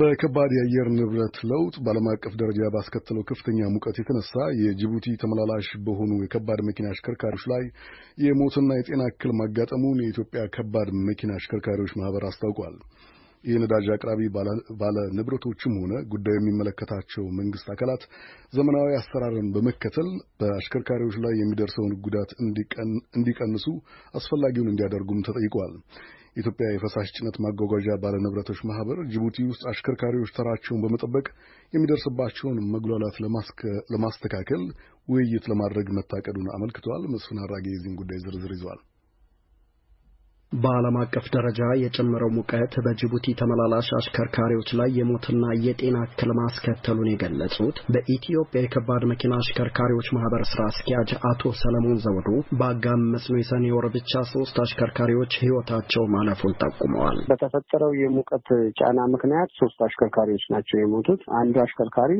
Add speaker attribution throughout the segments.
Speaker 1: በከባድ የአየር ንብረት ለውጥ በዓለም አቀፍ ደረጃ ባስከተለው ከፍተኛ ሙቀት የተነሳ የጅቡቲ ተመላላሽ በሆኑ የከባድ መኪና አሽከርካሪዎች ላይ የሞትና የጤና እክል ማጋጠሙን የኢትዮጵያ ከባድ መኪና አሽከርካሪዎች ማህበር አስታውቋል። የነዳጅ አቅራቢ ባለ ንብረቶችም ሆነ ጉዳዩ የሚመለከታቸው መንግስት አካላት ዘመናዊ አሰራርን በመከተል በአሽከርካሪዎች ላይ የሚደርሰውን ጉዳት እንዲቀንሱ አስፈላጊውን እንዲያደርጉም ተጠይቋል። የኢትዮጵያ የፈሳሽ ጭነት ማጓጓዣ ባለንብረቶች ማህበር ጅቡቲ ውስጥ አሽከርካሪዎች ተራቸውን በመጠበቅ የሚደርስባቸውን መጉላላት ለማስተካከል ውይይት ለማድረግ መታቀዱን አመልክተዋል። መስፍን አራጌ የዚህን ጉዳይ ዝርዝር ይዘዋል። በዓለም አቀፍ ደረጃ የጨመረው ሙቀት በጅቡቲ ተመላላሽ አሽከርካሪዎች ላይ የሞትና የጤና እክል ማስከተሉን የገለጹት በኢትዮጵያ የከባድ መኪና አሽከርካሪዎች ማህበር ስራ አስኪያጅ አቶ ሰለሞን ዘውዱ በአጋም መስኖ የሰኔ ወር ብቻ ሶስት አሽከርካሪዎች ህይወታቸው ማለፉን ጠቁመዋል።
Speaker 2: በተፈጠረው የሙቀት ጫና ምክንያት ሶስት አሽከርካሪዎች ናቸው የሞቱት። አንዱ አሽከርካሪ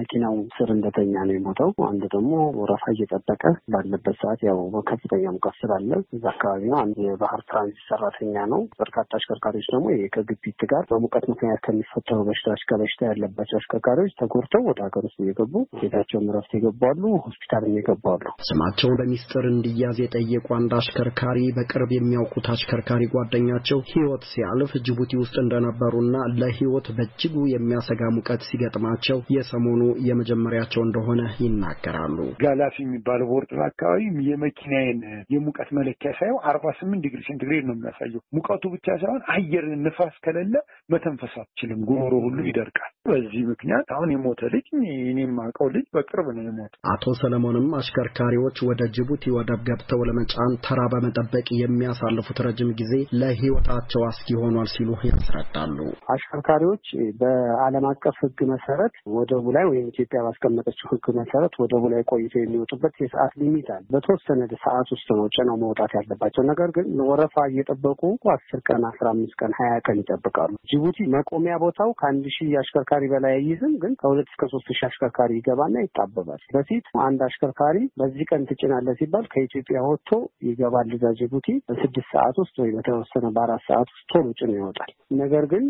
Speaker 2: መኪናው ስር እንደተኛ ነው የሞተው። አንዱ ደግሞ ወረፋ እየጠበቀ ባለበት ሰዓት ያው ከፍተኛ ሙቀት ስላለ እዛ አካባቢ ነው አንድ የባህር የሰርቪስ ሰራተኛ ነው። በርካታ አሽከርካሪዎች ደግሞ ከግቢት ጋር በሙቀት ምክንያት ከሚፈጠሩ በሽታዎች ከበሽታ ያለባቸው አሽከርካሪዎች ተጎድተው ወደ ሀገር ውስጥ እየገቡ ቤታቸውን እረፍት የገባሉ፣ ሆስፒታል እየገባሉ።
Speaker 1: ስማቸው በሚስጥር እንዲያዝ የጠየቁ አንድ አሽከርካሪ በቅርብ የሚያውቁት አሽከርካሪ ጓደኛቸው ህይወት ሲያልፍ ጅቡቲ ውስጥ እንደነበሩና ለህይወት በእጅጉ የሚያሰጋ ሙቀት ሲገጥማቸው የሰሞኑ የመጀመሪያቸው እንደሆነ ይናገራሉ።
Speaker 2: ጋላፊ የሚባለው ቦርጥን አካባቢ የመኪናዬን የሙቀት መለኪያ ሳየው አርባ ስምንት ዲግሪ ሴንቲግሬድ ይሄን ነው የሚያሳየው። ሙቀቱ ብቻ ሳይሆን አየር ንፋስ ከሌለ መተንፈስ አትችልም፣ ጉሮሮ ሁሉ ይደርቃል። በዚህ ምክንያት አሁን የሞተ ልጅ እኔ የማውቀው ልጅ በቅርብ ነው የሞተ።
Speaker 1: አቶ ሰለሞንም አሽከርካሪዎች ወደ ጅቡቲ ወደብ ገብተው ለመጫን ተራ በመጠበቅ የሚያሳልፉት ረጅም ጊዜ ለህይወታቸው አስጊ ሆኗል ሲሉ ያስረዳሉ።
Speaker 2: አሽከርካሪዎች በዓለም አቀፍ ህግ መሰረት ወደቡ ላይ ወይም ኢትዮጵያ ባስቀመጠችው ህግ መሰረት ወደቡ ላይ ቆይተው የሚወጡበት የሰዓት ሊሚት አለ። በተወሰነ ሰዓት ውስጥ ነው ጭነው መውጣት ያለባቸው። ነገር ግን ወረፋ እየጠበቁ አስር ቀን አስራ አምስት ቀን ሀያ ቀን ይጠብቃሉ። ጅቡቲ መቆሚያ ቦታው ከአንድ ሺህ አሽከርካሪ በላይ አይይዝም፣ ግን ከሁለት እስከ ሶስት ሺህ አሽከርካሪ ይገባና ይጣበባል። በፊት አንድ አሽከርካሪ በዚህ ቀን ትጭናለህ ሲባል ከኢትዮጵያ ወጥቶ ይገባል እዛ ጅቡቲ በስድስት ሰዓት ውስጥ ወይ በተወሰነ በአራት ሰዓት ውስጥ ቶሎ ጭኖ ይወጣል። ነገር ግን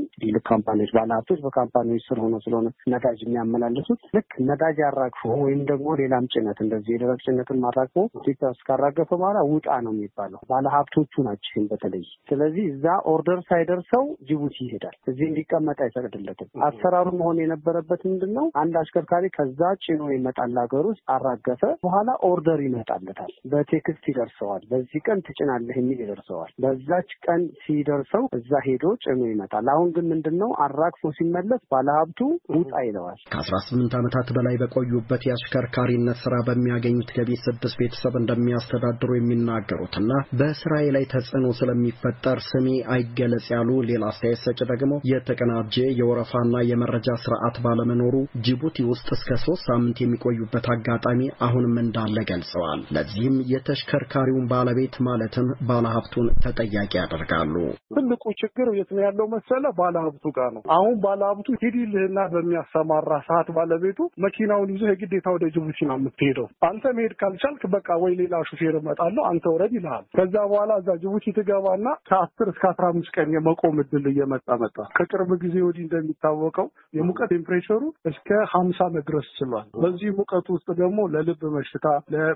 Speaker 2: ካምፓኒዎች፣ ባለሀብቶች በካምፓኒዎች ስር ሆኖ ስለሆነ ነዳጅ የሚያመላልሱት ልክ ነዳጅ አራግፎ ወይም ደግሞ ሌላም ጭነት እንደዚህ የደረቅ ጭነትን ማራግፎ ኢትዮጵያ ውስጥ ካራገፈ በኋላ ውጣ ነው የሚባለው። ባለሀብቶቹ ናቸው በተለይ ስለዚህ እዛ ኦርደር ሳይደርሰው ጅቡቲ ይሄዳል። እዚህ እንዲቀመጥ አይፈቅድለትም። አሰራሩ መሆን የነበረበት ምንድን ነው? አንድ አሽከርካሪ ከዛ ጭኖ ይመጣል ሀገር ውስጥ አራገፈ በኋላ ኦርደር ይመጣለታል። በቴክስት ይደርሰዋል። በዚህ ቀን ትጭናለህ የሚል ይደርሰዋል። በዛች ቀን ሲደርሰው እዛ ሄዶ ጭኖ ይመጣል። አሁን ግን ምንድን ነው አራግፎ ሲመለስ ባለሀብቱ ውጣ ይለዋል።
Speaker 1: ከአስራ ስምንት ዓመታት በላይ በቆዩበት የአሽከርካሪነት ስራ በሚያገኙት ገቢ ስድስት ቤተሰብ እንደሚያስተዳድሩ የሚናገሩትና በስራዬ ላይ ተጽዕኖ ስለሚፈጠር ስሜ አይገለጽ ያሉ ሌላ አስተያየት ሰጭ ደግሞ የተቀናጀ የወረፋና የመረጃ ስርዓት ባለመኖሩ ጅቡቲ ውስጥ እስከ ሶስት ሳምንት የሚቆዩበት አጋጣሚ አሁንም እንዳለ ገልጸዋል። ለዚህም የተሽከርካሪውን ባለቤት ማለትም ባለሀብቱን ተጠያቂ ያደርጋሉ።
Speaker 2: ትልቁ ችግር የት ነው
Speaker 1: ያለው መሰለ? ባለሀብቱ ጋር
Speaker 2: ነው። አሁን ባለሀብቱ ሂድልህና በሚያሰማራ ሰዓት ባለቤቱ መኪናውን ይዞ የግዴታ ወደ ጅቡቲ ነው የምትሄደው። አንተ መሄድ ካልቻልክ በቃ ወይ ሌላ ሹፌር እመጣለሁ አንተ ወረድ ይልሃል። ከዛ በኋላ እዛ ጅቡቲ ትገ ሲገባና ከአስር እስከ አስራ አምስት ቀን የመቆም እድል እየመጣ መጣ። ከቅርብ ጊዜ ወዲህ እንደሚታወቀው የሙቀት ቴምፕሬቸሩ እስከ ሀምሳ መድረስ ችሏል። በዚህ ሙቀት ውስጥ ደግሞ ለልብ በሽታ፣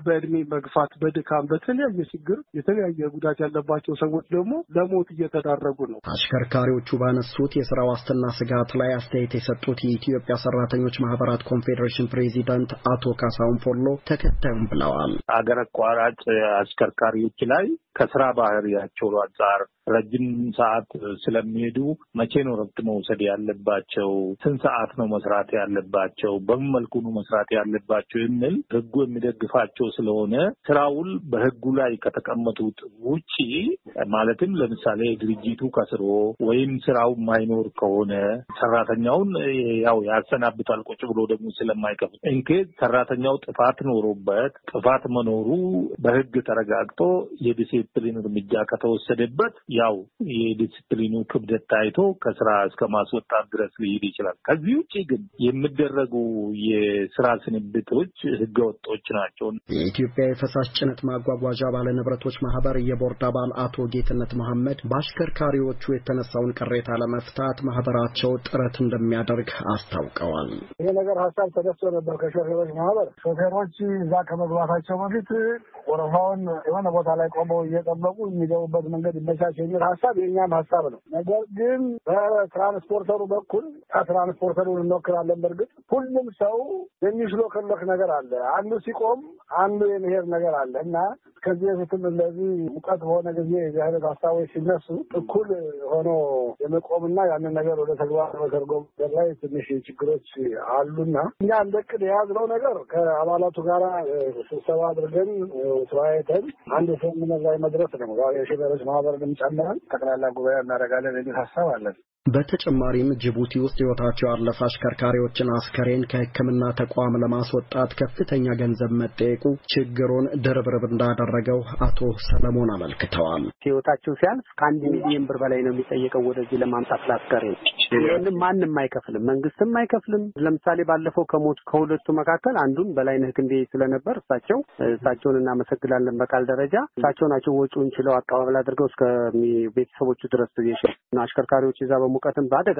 Speaker 2: በእድሜ መግፋት፣ በድካም፣ በተለያየ ችግር የተለያየ ጉዳት ያለባቸው ሰዎች ደግሞ ለሞት እየተዳረጉ ነው።
Speaker 1: አሽከርካሪዎቹ ባነሱት የስራ ዋስትና ስጋት ላይ አስተያየት የሰጡት የኢትዮጵያ ሰራተኞች ማህበራት ኮንፌዴሬሽን ፕሬዚዳንት አቶ ካሳሁን ፎሎ ተከታዩም ብለዋል።
Speaker 2: አገር አቋራጭ አሽከርካሪዎች ላይ ከስራ ባህሪያቸው ከመሆናቸው አንጻር ረጅም ሰዓት ስለሚሄዱ መቼ ነው ረፍት መውሰድ ያለባቸው? ስንት ሰዓት ነው መስራት ያለባቸው? በምን መልኩ ነው መስራት ያለባቸው? የሚል ህጉ የሚደግፋቸው ስለሆነ ስራውን በህጉ ላይ ከተቀመጡት ውጪ ማለትም ለምሳሌ ድርጅቱ ከስሮ ወይም ስራው የማይኖር ከሆነ ሰራተኛውን ያው ያሰናብታል። ቁጭ ብሎ ደግሞ ስለማይከፍል እንኬዝ ሰራተኛው ጥፋት ኖሮበት ጥፋት መኖሩ በህግ ተረጋግጦ የዲሲፕሊን እርምጃ ከተወሰደበት ያው የዲስፕሊኑ ክብደት ታይቶ ከስራ እስከ ማስወጣት ድረስ ሊሄድ ይችላል። ከዚህ ውጭ ግን የሚደረጉ የስራ ስንብቶች ህገወጦች ናቸው።
Speaker 1: የኢትዮጵያ የፈሳሽ ጭነት ማጓጓዣ ባለንብረቶች ማህበር የቦርድ አባል አቶ ጌትነት መሐመድ በአሽከርካሪዎቹ የተነሳውን ቅሬታ ለመፍታት ማህበራቸው ጥረት እንደሚያደርግ አስታውቀዋል።
Speaker 2: ይሄ ነገር ሀሳብ ተነስቶ ነበር ከሾፌሮች ማህበር። ሾፌሮች እዛ ከመግባታቸው በፊት ወረፋውን የሆነ ቦታ ላይ ቆመው እየጠበቁ የሚገቡበት መንገድ ይመቻቸው የሚል ሀሳብ የእኛም ሀሳብ ነው። ነገር ግን በትራንስፖርተሩ በኩል ትራንስፖርተሩን እንወክላለን። በእርግጥ ሁሉም ሰው የሚሽሎከሎክ ነገር አለ። አንዱ ሲቆም አንዱ የመሄድ ነገር አለ እና ከዚህ በፊትም እንደዚህ ሙቀት በሆነ ጊዜ የዚህ አይነት ሀሳቦች ሲነሱ እኩል ሆኖ የመቆምና ያንን ነገር ወደ ተግባር መተርጎም ላይ ትንሽ ችግሮች አሉና እኛ እንደ እቅድ የያዝነው ነገር ከአባላቱ ጋራ ስብሰባ አድርገን ስራየተን አንድ ስምምነት ላይ መድረስ ነው። የሽበሮች ማህበርንም ጨምረን ጠቅላላ ጉባኤ እናደርጋለን የሚል ሀሳብ አለን።
Speaker 1: በተጨማሪም ጅቡቲ ውስጥ ሕይወታቸው ያለፈ አሽከርካሪዎችን አስከሬን ከሕክምና ተቋም ለማስወጣት ከፍተኛ ገንዘብ መጠየቁ ችግሩን ድርብርብ እንዳደረገው አቶ ሰለሞን አመልክተዋል።
Speaker 2: ሕይወታቸው ሲያልፍ ከአንድ ሚሊዮን ብር በላይ ነው የሚጠየቀው ወደዚህ ለማምጣት ለአስከሬን። ይህንም ማንም አይከፍልም፣ መንግስትም አይከፍልም። ለምሳሌ ባለፈው ከሞቱ ከሁለቱ መካከል አንዱን በላይነህ ክንዴ ስለነበር እሳቸው እሳቸውን እናመሰግናለን። በቃል ደረጃ እሳቸው ናቸው ወጪውን ችለው አቀባበል አድርገው እስከ ቤተሰቦቹ ድረስ አሽከርካሪዎች ይዛ በሞ ሙቀትን በአደጋ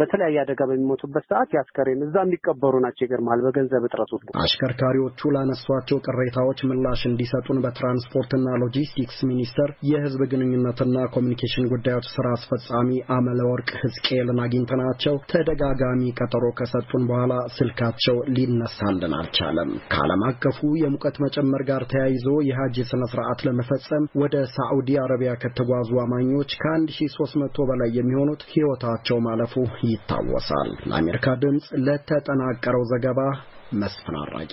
Speaker 2: በተለያየ አደጋ በሚሞቱበት ሰዓት ያስከሬን እዛ የሚቀበሩ ናቸው። ይገርማል። በገንዘብ እጥረቱ
Speaker 1: አሽከርካሪዎቹ ላነሷቸው ቅሬታዎች ምላሽ እንዲሰጡን በትራንስፖርትና ሎጂስቲክስ ሚኒስቴር የህዝብ ግንኙነትና ኮሚኒኬሽን ጉዳዮች ስራ አስፈጻሚ አመለወርቅ ህዝቅኤልን አግኝተናቸው ተደጋጋሚ ቀጠሮ ከሰጡን በኋላ ስልካቸው ሊነሳልን አልቻለም። ከዓለም አቀፉ የሙቀት መጨመር ጋር ተያይዞ የሀጅ ስነ ስርዓት ለመፈጸም ወደ ሳዑዲ አረቢያ ከተጓዙ አማኞች ከ1300 በላይ የሚሆኑት ሕይወታቸው ማለፉ ይታወሳል። ለአሜሪካ ድምፅ ለተጠናቀረው ዘገባ መስፍን አራጊ